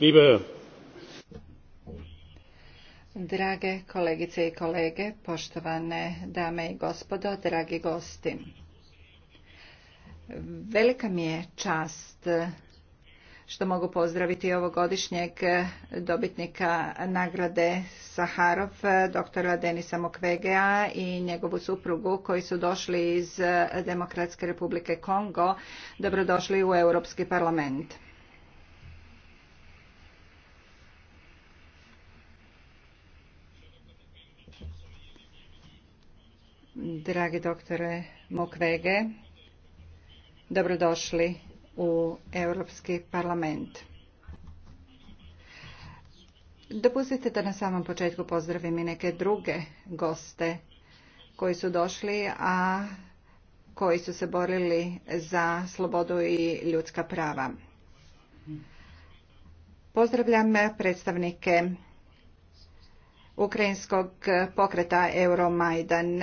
Liebe Drage kolegice i kolege, poštovane dame i gospodo, dragi gosti. Velika mi je čast što mogu pozdraviti ovogodišnjeg dobitnika nagrade Saharov, doktora Denisa Mokvegea i njegovu suprugu koji su došli iz Demokratske republike Kongo. Dobrodošli u Europski parlament. Dragi doktore Mokvege, dobrodošli u Europski parlament. Dopustite da na samom početku pozdravim i neke druge goste koji su došli, a koji su se borili za slobodu i ljudska prava. Pozdravljam predstavnike ukrajinskog pokreta Euromajdan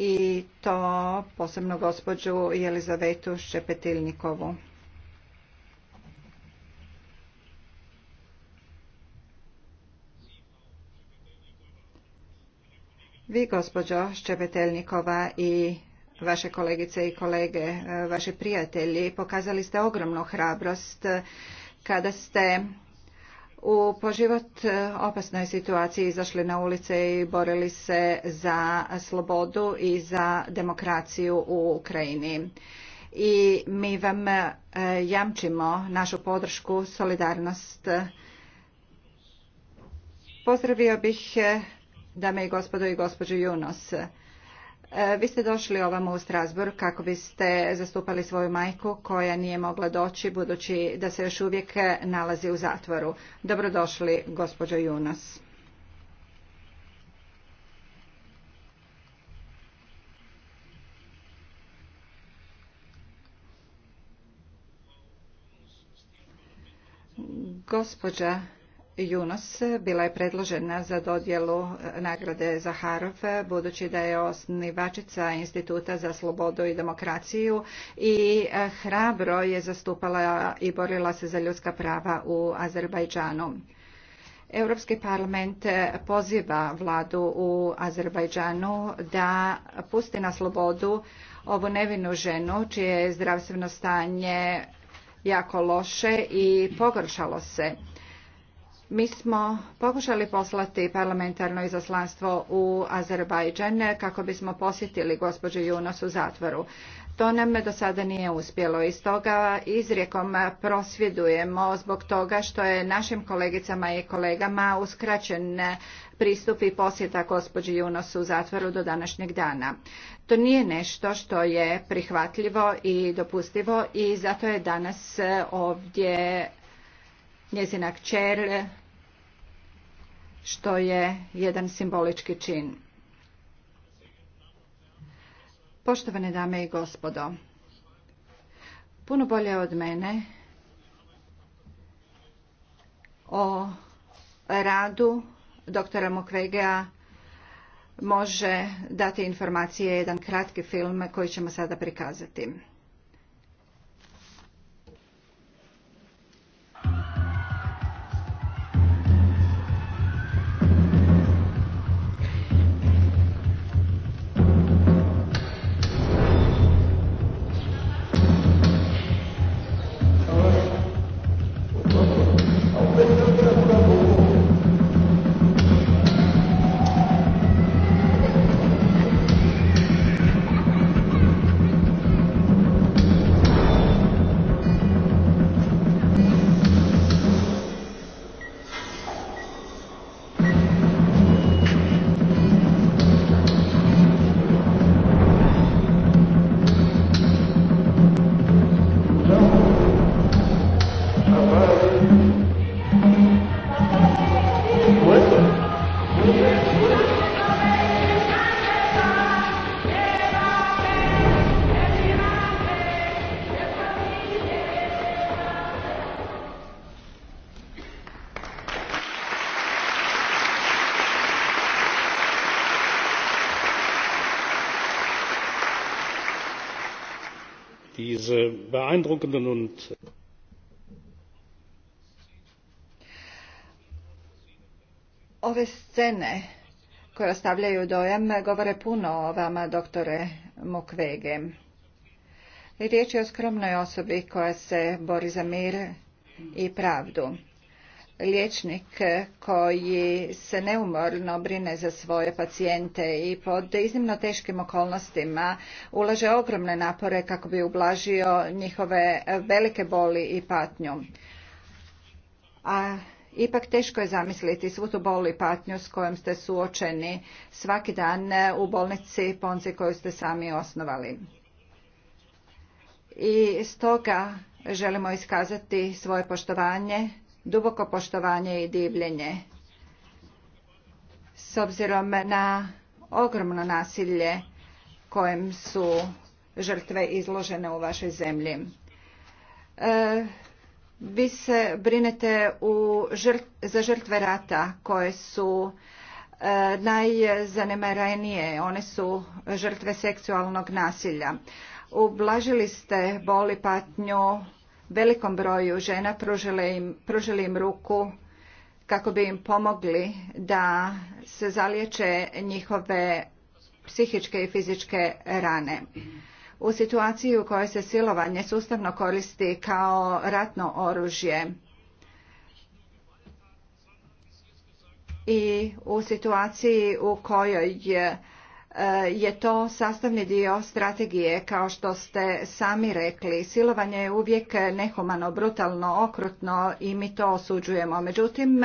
i to posebno gospođu Jelizavetu Šepetilnikovu. Vi, gospođo Ščepetelnikova i vaše kolegice i kolege, vaši prijatelji, pokazali ste ogromnu hrabrost kada ste u po život e, opasnoj situaciji izašli na ulice i borili se za slobodu i za demokraciju u Ukrajini. I mi vam e, jamčimo našu podršku, solidarnost. Pozdravio bih e, dame i gospodo i gospođu Junos. E, vi ste došli ovamo u Strasburg kako biste zastupali svoju majku koja nije mogla doći budući da se još uvijek nalazi u zatvoru. Dobrodošli, gospođo Junas. Gospođa Junos bila je predložena za dodjelu eh, nagrade Zaharov eh, budući da je osnivačica Instituta za slobodu i demokraciju i eh, hrabro je zastupala i borila se za ljudska prava u Azerbajdžanu. Europski parlament poziva vladu u Azerbajdžanu da pusti na slobodu ovu nevinu ženu čije je zdravstveno stanje jako loše i pogoršalo se mi smo pokušali poslati parlamentarno izaslanstvo u Azerbajdžan kako bismo posjetili gospođu Junos u zatvoru. To nam do sada nije uspjelo i stoga izrijekom prosvjedujemo zbog toga što je našim kolegicama i kolegama uskraćen pristup i posjeta gospođi Junos u zatvoru do današnjeg dana. To nije nešto što je prihvatljivo i dopustivo i zato je danas ovdje njezina kćer, što je jedan simbolički čin. Poštovane dame i gospodo, puno bolje od mene o radu doktora Mukwegea može dati informacije jedan kratki film koji ćemo sada prikazati. diese äh, beeindruckenden und äh, Ove scene koje ostavljaju dojam govore puno o vama, doktore Mukwege. Riječ je o skromnoj osobi koja se bori za mir i pravdu liječnik koji se neumorno brine za svoje pacijente i pod iznimno teškim okolnostima ulaže ogromne napore kako bi ublažio njihove velike boli i patnju. A ipak teško je zamisliti svu tu bolu i patnju s kojom ste suočeni svaki dan u bolnici Ponzi koju ste sami osnovali. I stoga želimo iskazati svoje poštovanje duboko poštovanje i divljenje. S obzirom na ogromno nasilje kojem su žrtve izložene u vašoj zemlji. E, vi se brinete u za žrtve rata koje su e, najzanemarenije, one su žrtve seksualnog nasilja. Ublažili ste boli patnju velikom broju žena pružili im, ruku kako bi im pomogli da se zaliječe njihove psihičke i fizičke rane. U situaciji u kojoj se silovanje sustavno koristi kao ratno oružje i u situaciji u kojoj Eh, je to sastavni dio strategije kao što ste sami rekli silovanje je uvijek nehumano brutalno okrutno i mi to osuđujemo međutim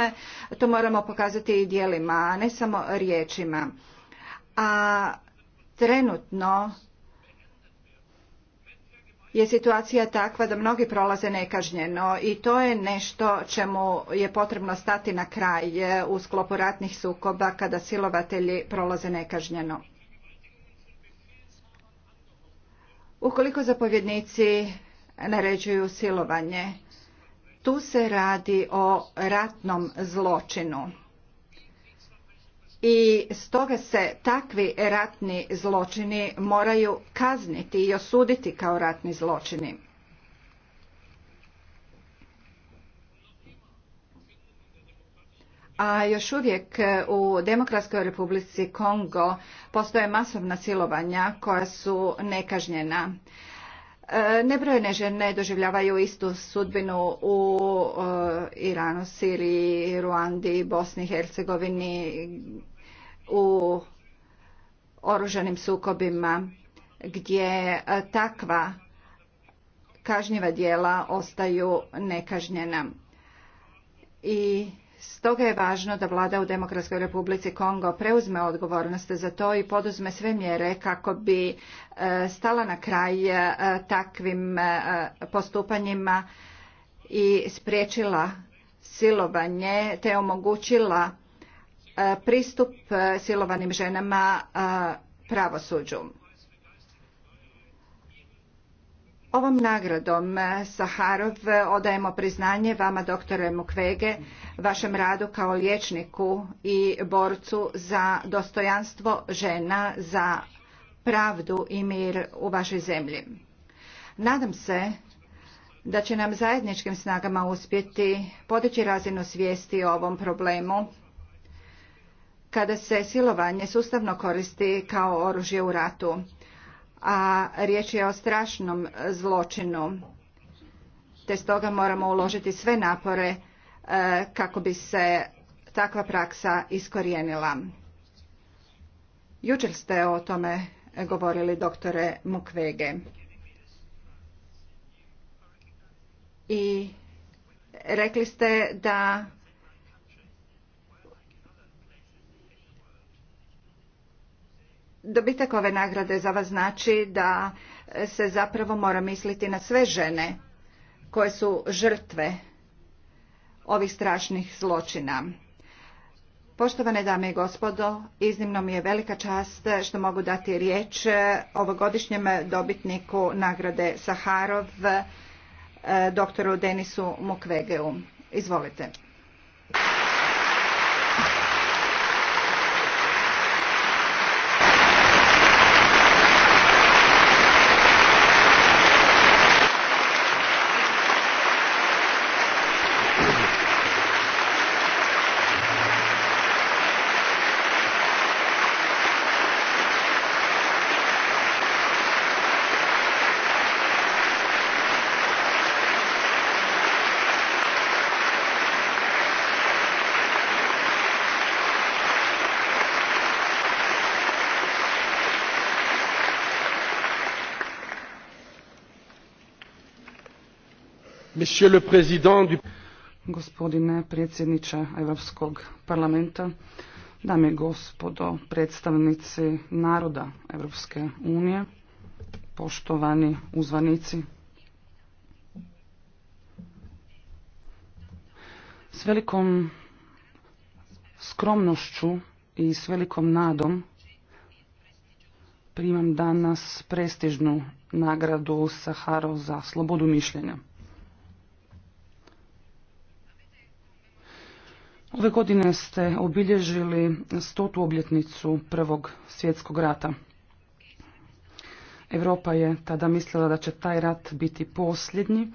to moramo pokazati i djelima a ne samo riječima a trenutno je situacija takva da mnogi prolaze nekažnjeno i to je nešto čemu je potrebno stati na kraj eh, u sklopu ratnih sukoba kada silovatelji prolaze nekažnjeno ukoliko zapovjednici naređuju silovanje. Tu se radi o ratnom zločinu. I stoga se takvi ratni zločini moraju kazniti i osuditi kao ratni zločini. a još uvijek e, u Demokratskoj republici Kongo postoje masovna silovanja koja su nekažnjena. E, Nebrojene žene doživljavaju istu sudbinu u e, Iranu, Siriji, Ruandi, Bosni i Hercegovini, u oružanim sukobima gdje takva kažnjiva djela ostaju nekažnjena. I Stoga je važno da vlada u Demokratskoj Republici Kongo preuzme odgovornost za to i poduzme sve mjere kako bi e, stala na kraj e, takvim e, postupanjima i spriječila silovanje te omogućila pristup silovanim ženama pravosuđu. Ovom nagradom eh, Saharov eh, odajemo priznanje vama doktore Mukvege, vašem radu kao liječniku i borcu za dostojanstvo žena, za pravdu i mir u vašoj zemlji. Nadam se da će nam zajedničkim snagama uspjeti podići razinu svijesti o ovom problemu kada se silovanje sustavno koristi kao oružje u ratu a riječ je o strašnom zločinu. Te stoga moramo uložiti sve napore e, kako bi se takva praksa iskorijenila. Jučer ste o tome govorili doktore Mukwege. I rekli ste da Dobitak ove nagrade za vas znači da se zapravo mora misliti na sve žene koje su žrtve ovih strašnih zločina. Poštovane dame i gospodo, iznimno mi je velika čast što mogu dati riječ ovogodišnjem dobitniku nagrade Saharov, doktoru Denisu Mukvegeu. Izvolite. Gospodine predsjedniče Europskog parlamenta, dame i gospodo predstavnici naroda Europske unije, poštovani uzvanici, s velikom skromnošću i s velikom nadom primam danas prestižnu nagradu Saharov za slobodu mišljenja. Ove godine ste obilježili stotu obljetnicu Prvog svjetskog rata. Europa je tada mislila da će taj rat biti posljednji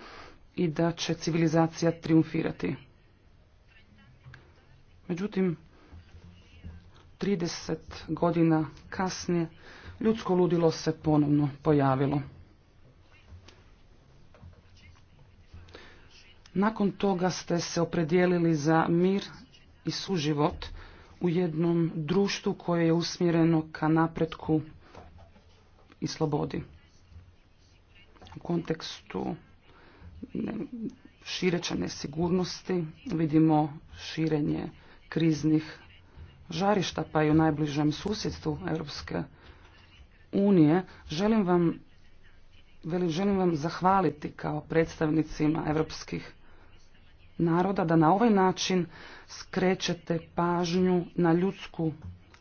i da će civilizacija triumfirati. Međutim, 30 godina kasnije ljudsko ludilo se ponovno pojavilo. Nakon toga ste se opredijelili za mir i suživot u jednom društvu koje je usmjereno ka napretku i slobodi. U kontekstu šireće nesigurnosti vidimo širenje kriznih žarišta pa i u najbližem susjedstvu Europske unije. Želim vam, želim vam zahvaliti kao predstavnicima europskih naroda da na ovaj način skrećete pažnju na ljudsku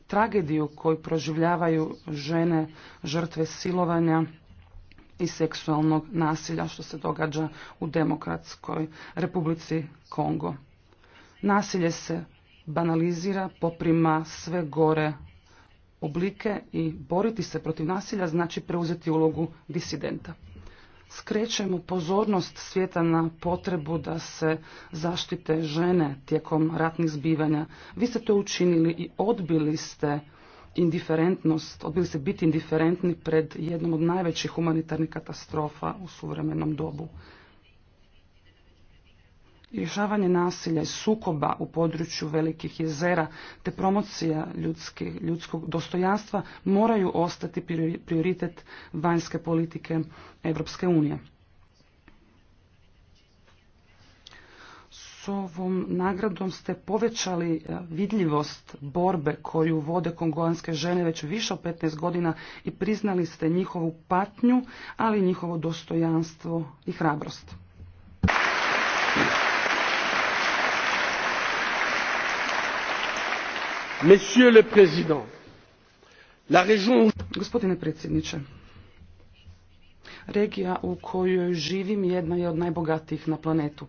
tragediju koju proživljavaju žene žrtve silovanja i seksualnog nasilja što se događa u Demokratskoj Republici Kongo. Nasilje se banalizira, poprima sve gore oblike i boriti se protiv nasilja znači preuzeti ulogu disidenta skrećemo pozornost svijeta na potrebu da se zaštite žene tijekom ratnih zbivanja. Vi ste to učinili i odbili ste indiferentnost, odbili ste biti indiferentni pred jednom od najvećih humanitarnih katastrofa u suvremenom dobu rješavanje nasilja i sukoba u području velikih jezera te promocija ljudskog dostojanstva moraju ostati prioritet vanjske politike Europske unije. S ovom nagradom ste povećali e, vidljivost borbe koju vode kongolanske žene već više od 15 godina i priznali ste njihovu patnju, ali i njihovo dostojanstvo i hrabrost. Gospodine predsjedniče, regija u kojoj živim jedna je od najbogatijih na planetu.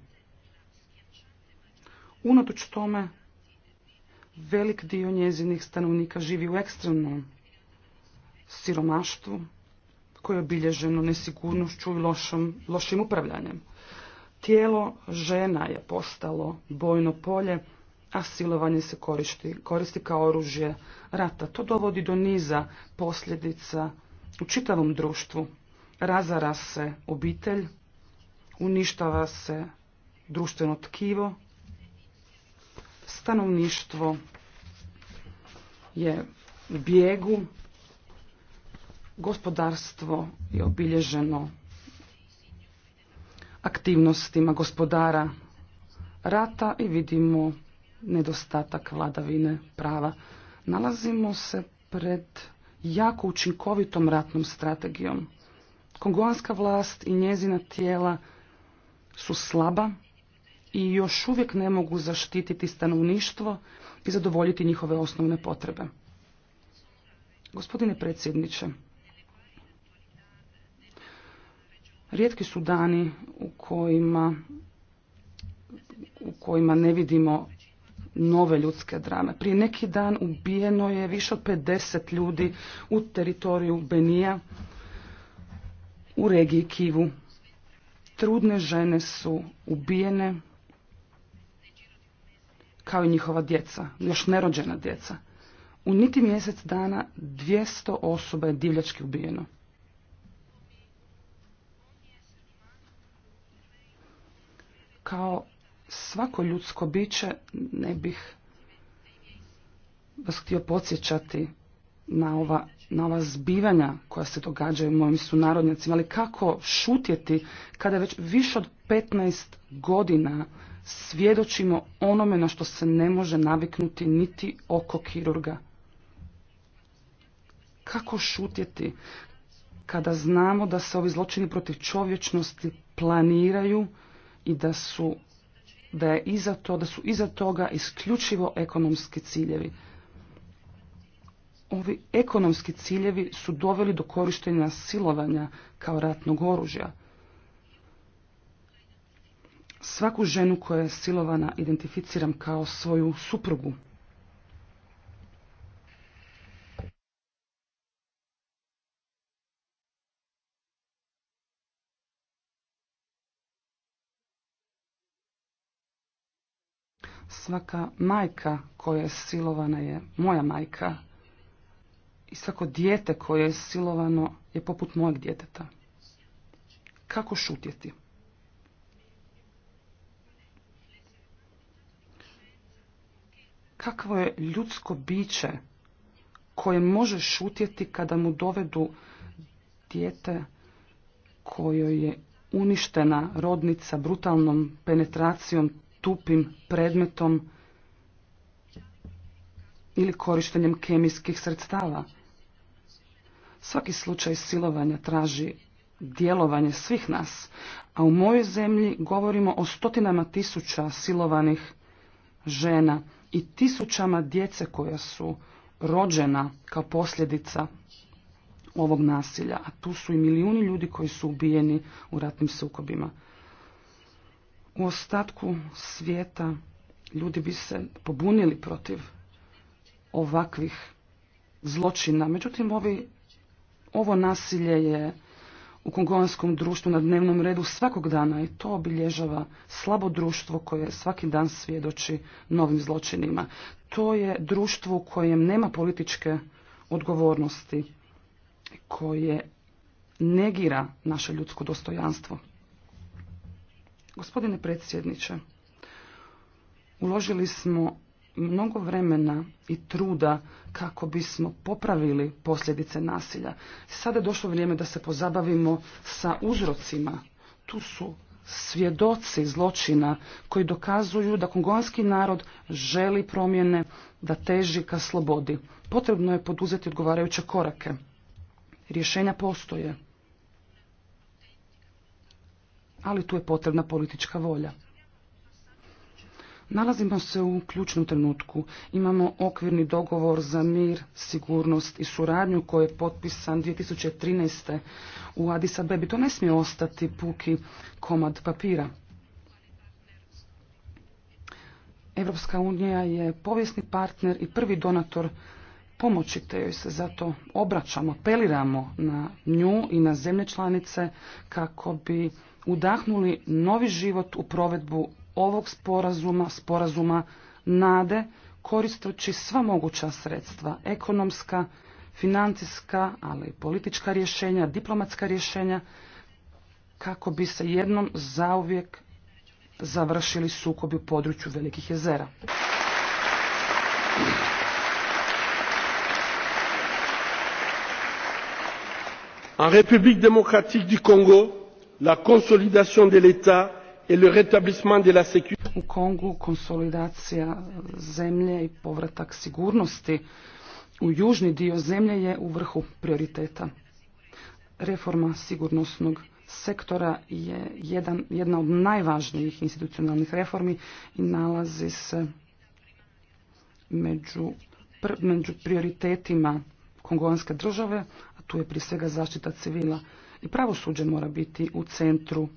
Unatoč tome, velik dio njezinih stanovnika živi u ekstremnom siromaštvu koje je obilježeno nesigurnošću i lošim upravljanjem. Tijelo žena je postalo bojno polje a silovanje se koristi, koristi kao oružje rata. To dovodi do niza posljedica u čitavom društvu. Razara se obitelj, uništava se društveno tkivo, stanovništvo je u bijegu, gospodarstvo je obilježeno aktivnostima gospodara rata i vidimo nedostatak vladavine prava. Nalazimo se pred jako učinkovitom ratnom strategijom. Kongoanska vlast i njezina tijela su slaba i još uvijek ne mogu zaštititi stanovništvo i zadovoljiti njihove osnovne potrebe. Gospodine predsjedniče, rijetki su dani u kojima, u kojima ne vidimo nove ljudske drame. Prije neki dan ubijeno je više od 50 ljudi u teritoriju Benija u regiji Kivu. Trudne žene su ubijene kao i njihova djeca, još nerođena djeca. U niti mjesec dana 200 osoba je divljački ubijeno. Kao svako ljudsko biće ne bih vas htio podsjećati na ova, na ova zbivanja koja se događaju mojim sunarodnjacima, ali kako šutjeti kada već više od 15 godina svjedočimo onome na što se ne može naviknuti niti oko kirurga. Kako šutjeti kada znamo da se ovi zločini protiv čovječnosti planiraju i da su da, je iza to, da su iza toga isključivo ekonomski ciljevi. Ovi ekonomski ciljevi su doveli do korištenja silovanja kao ratnog oružja. Svaku ženu koja je silovana identificiram kao svoju suprugu. Svaka majka koja je silovana je moja majka i svako dijete koje je silovano je poput mojeg djeteta. Kako šutjeti? Kakvo je ljudsko biće koje može šutjeti kada mu dovedu dijete kojoj je uništena rodnica brutalnom penetracijom tupim predmetom ili korištenjem kemijskih sredstava. Svaki slučaj silovanja traži djelovanje svih nas, a u mojoj zemlji govorimo o stotinama tisuća silovanih žena i tisućama djece koja su rođena kao posljedica ovog nasilja, a tu su i milijuni ljudi koji su ubijeni u ratnim sukobima. U ostatku svijeta ljudi bi se pobunili protiv ovakvih zločina. Međutim, ovi, ovo nasilje je u kongolanskom društvu na dnevnom redu svakog dana i to obilježava slabo društvo koje svaki dan svjedoči novim zločinima. To je društvo u kojem nema političke odgovornosti, koje negira naše ljudsko dostojanstvo. Gospodine predsjedniče, uložili smo mnogo vremena i truda kako bismo popravili posljedice nasilja. Sada je došlo vrijeme da se pozabavimo sa uzrocima. Tu su svjedoci zločina koji dokazuju da kongonski narod želi promjene, da teži ka slobodi. Potrebno je poduzeti odgovarajuće korake. Rješenja postoje ali tu je potrebna politička volja. Nalazimo se u ključnom trenutku. Imamo okvirni dogovor za mir, sigurnost i suradnju koji je potpisan 2013. u Addis Abebi. To ne smije ostati puki komad papira. Evropska unija je povijesni partner i prvi donator pomoći te joj se zato obraćamo, apeliramo na nju i na zemlje članice kako bi udahnuli novi život u provedbu ovog sporazuma, sporazuma nade, koristeći sva moguća sredstva, ekonomska, financijska, ali i politička rješenja, diplomatska rješenja, kako bi se jednom zauvijek završili sukobi u području velikih jezera. En République démocratique du Congo, la consolidation de l'état et le rétablissement de la sécurité u kongu konsolidacija zemlje i povratak sigurnosti u južni dio zemlje je u vrhu prioriteta reforma sigurnosnog sektora je jedan, jedna od najvažnijih institucionalnih reformi i nalazi se među, među prioritetima kongolanske države, a tu je prije svega zaštita civila i pravosuđe mora biti u centru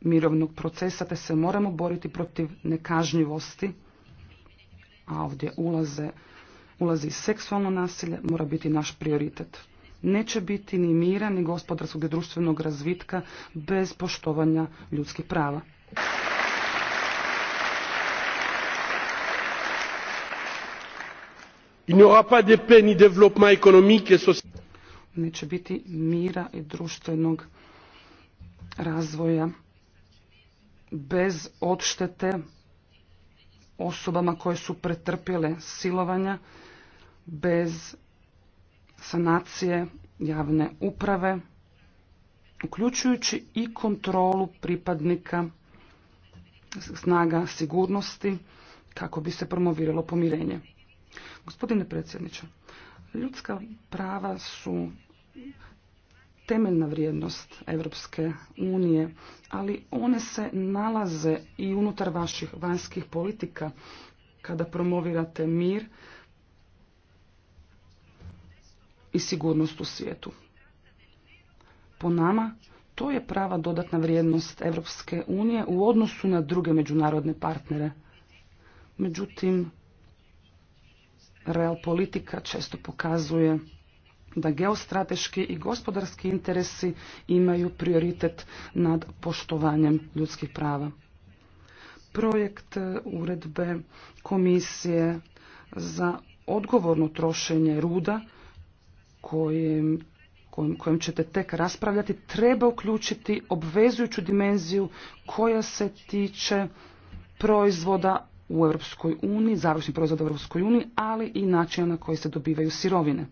mirovnog procesa, te se moramo boriti protiv nekažnjivosti, a ovdje ulaze, ulazi seksualno nasilje, mora biti naš prioritet. Neće biti ni mira, ni gospodarskog i društvenog razvitka bez poštovanja ljudskih prava. Il n'y aura pas de paix ni développement économique et social neće biti mira i društvenog razvoja bez odštete osobama koje su pretrpjele silovanja, bez sanacije javne uprave, uključujući i kontrolu pripadnika snaga sigurnosti kako bi se promoviralo pomirenje. Gospodine predsjedniče, ljudska prava su temeljna vrijednost Europske unije, ali one se nalaze i unutar vaših vanjskih politika kada promovirate mir i sigurnost u svijetu. Po nama, to je prava dodatna vrijednost Europske unije u odnosu na druge međunarodne partnere. Međutim, real politika često pokazuje da geostrateški i gospodarski interesi imaju prioritet nad poštovanjem ljudskih prava. Projekt e, uredbe komisije za odgovorno trošenje ruda kojim, kojem ćete tek raspravljati treba uključiti obvezujuću dimenziju koja se tiče proizvoda u Europskoj uniji, završnih proizvoda u Europskoj uniji, ali i načina na koji se dobivaju sirovine.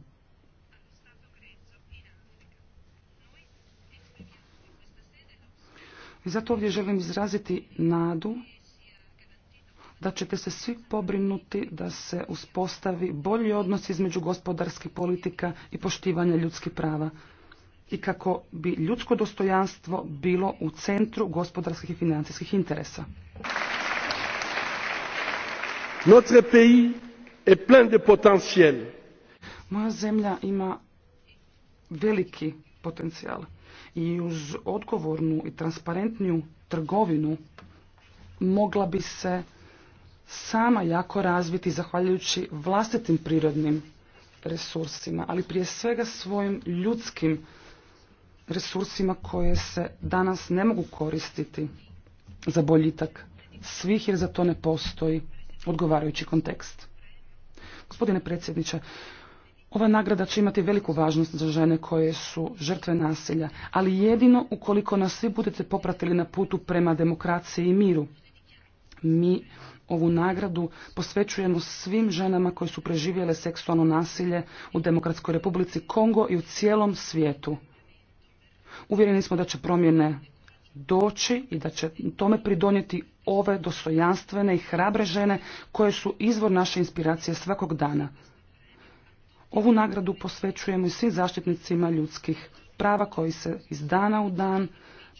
I zato ovdje želim izraziti nadu da ćete se svi pobrinuti da se uspostavi bolji odnos između gospodarskih politika i poštivanja ljudskih prava i kako bi ljudsko dostojanstvo bilo u centru gospodarskih i financijskih interesa. Moja zemlja ima veliki potencijal i uz odgovornu i transparentniju trgovinu mogla bi se sama jako razviti zahvaljujući vlastitim prirodnim resursima, ali prije svega svojim ljudskim resursima koje se danas ne mogu koristiti za boljitak svih jer za to ne postoji odgovarajući kontekst. Gospodine predsjedniče, ova nagrada će imati veliku važnost za žene koje su žrtve nasilja, ali jedino ukoliko nas svi budete popratili na putu prema demokraciji i miru. Mi ovu nagradu posvećujemo svim ženama koje su preživjele seksualno nasilje u Demokratskoj republici Kongo i u cijelom svijetu. Uvjereni smo da će promjene doći i da će tome pridonijeti ove dostojanstvene i hrabre žene koje su izvor naše inspiracije svakog dana. Ovu nagradu posvećujemo i svim zaštitnicima ljudskih prava koji se iz dana u dan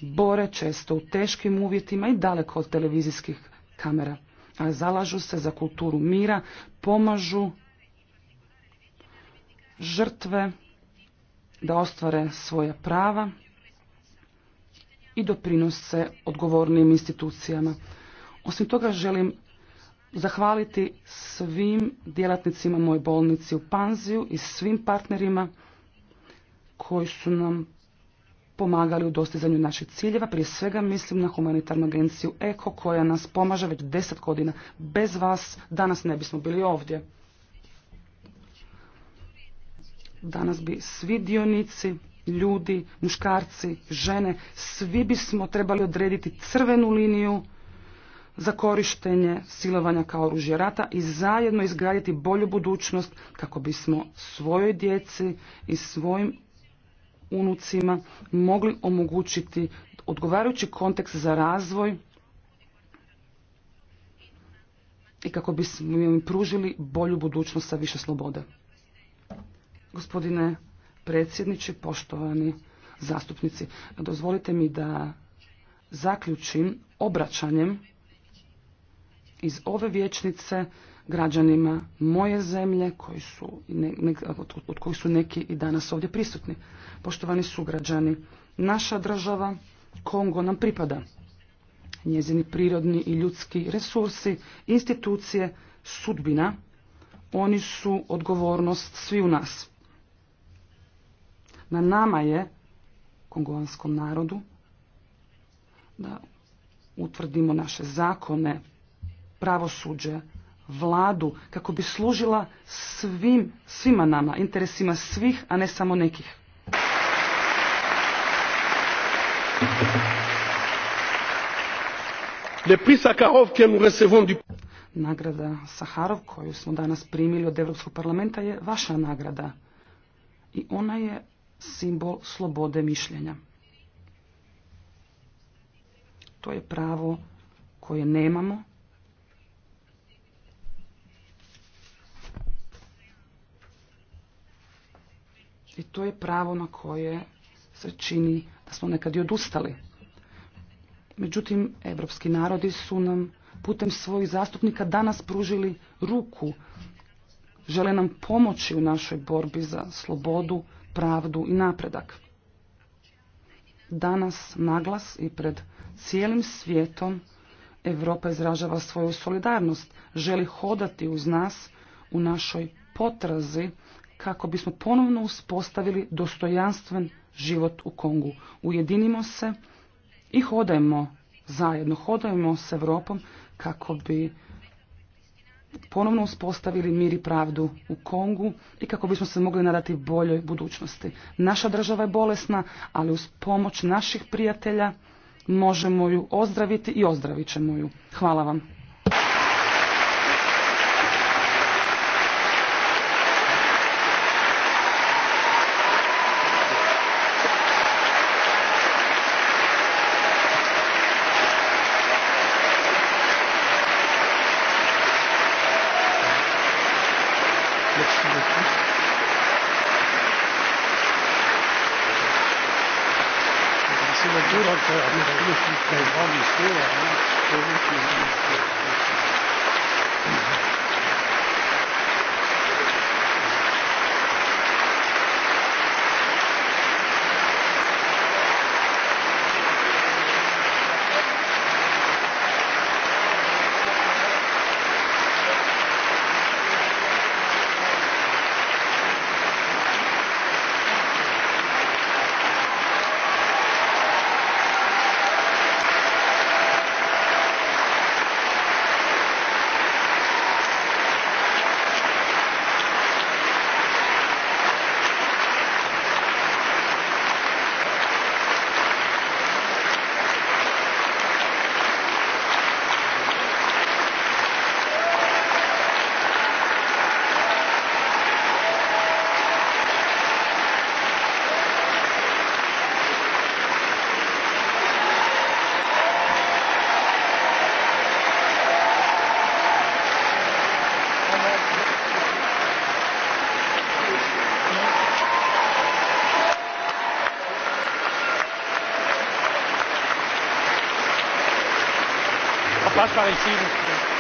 bore često u teškim uvjetima i daleko od televizijskih kamera. A zalažu se za kulturu mira, pomažu žrtve da ostvare svoja prava i doprinose odgovornim institucijama. Osim toga želim zahvaliti svim djelatnicima moje bolnici u Panziju i svim partnerima koji su nam pomagali u dostizanju naših ciljeva. Prije svega mislim na humanitarnu agenciju EKO koja nas pomaže već deset godina. Bez vas danas ne bismo bili ovdje. Danas bi svi dionici, ljudi, muškarci, žene, svi bismo trebali odrediti crvenu liniju za korištenje silovanja kao oružje rata i zajedno izgraditi bolju budućnost kako bismo svojoj djeci i svojim unucima mogli omogućiti odgovarajući kontekst za razvoj i kako bismo im pružili bolju budućnost sa više slobode. Gospodine predsjedniče, poštovani zastupnici, dozvolite mi da zaključim obraćanjem iz ove vječnice građanima moje zemlje koji su, od kojih su neki i danas ovdje prisutni. Poštovani sugrađani, naša država Kongo nam pripada. Njezini prirodni i ljudski resursi, institucije, sudbina, oni su odgovornost svi u nas. Na nama je, kongovanskom narodu, da utvrdimo naše zakone, pravosuđe, vladu, kako bi služila svim, svima nama, interesima svih, a ne samo nekih. Nagrada Saharov koju smo danas primili od Europskog parlamenta je vaša nagrada i ona je simbol slobode mišljenja. To je pravo koje nemamo, I to je pravo na koje se čini da smo nekad i odustali. Međutim, evropski narodi su nam putem svojih zastupnika danas pružili ruku. Žele nam pomoći u našoj borbi za slobodu, pravdu i napredak. Danas, naglas i pred cijelim svijetom, Europa izražava svoju solidarnost, želi hodati uz nas u našoj potrazi kako bismo ponovno uspostavili dostojanstven život u Kongu. Ujedinimo se i hodajmo zajedno, hodajmo s Europom kako bi ponovno uspostavili mir i pravdu u Kongu i kako bismo se mogli nadati boljoj budućnosti. Naša država je bolesna, ali uz pomoć naših prijatelja možemo ju ozdraviti i ozdravit ćemo ju. Hvala vam. was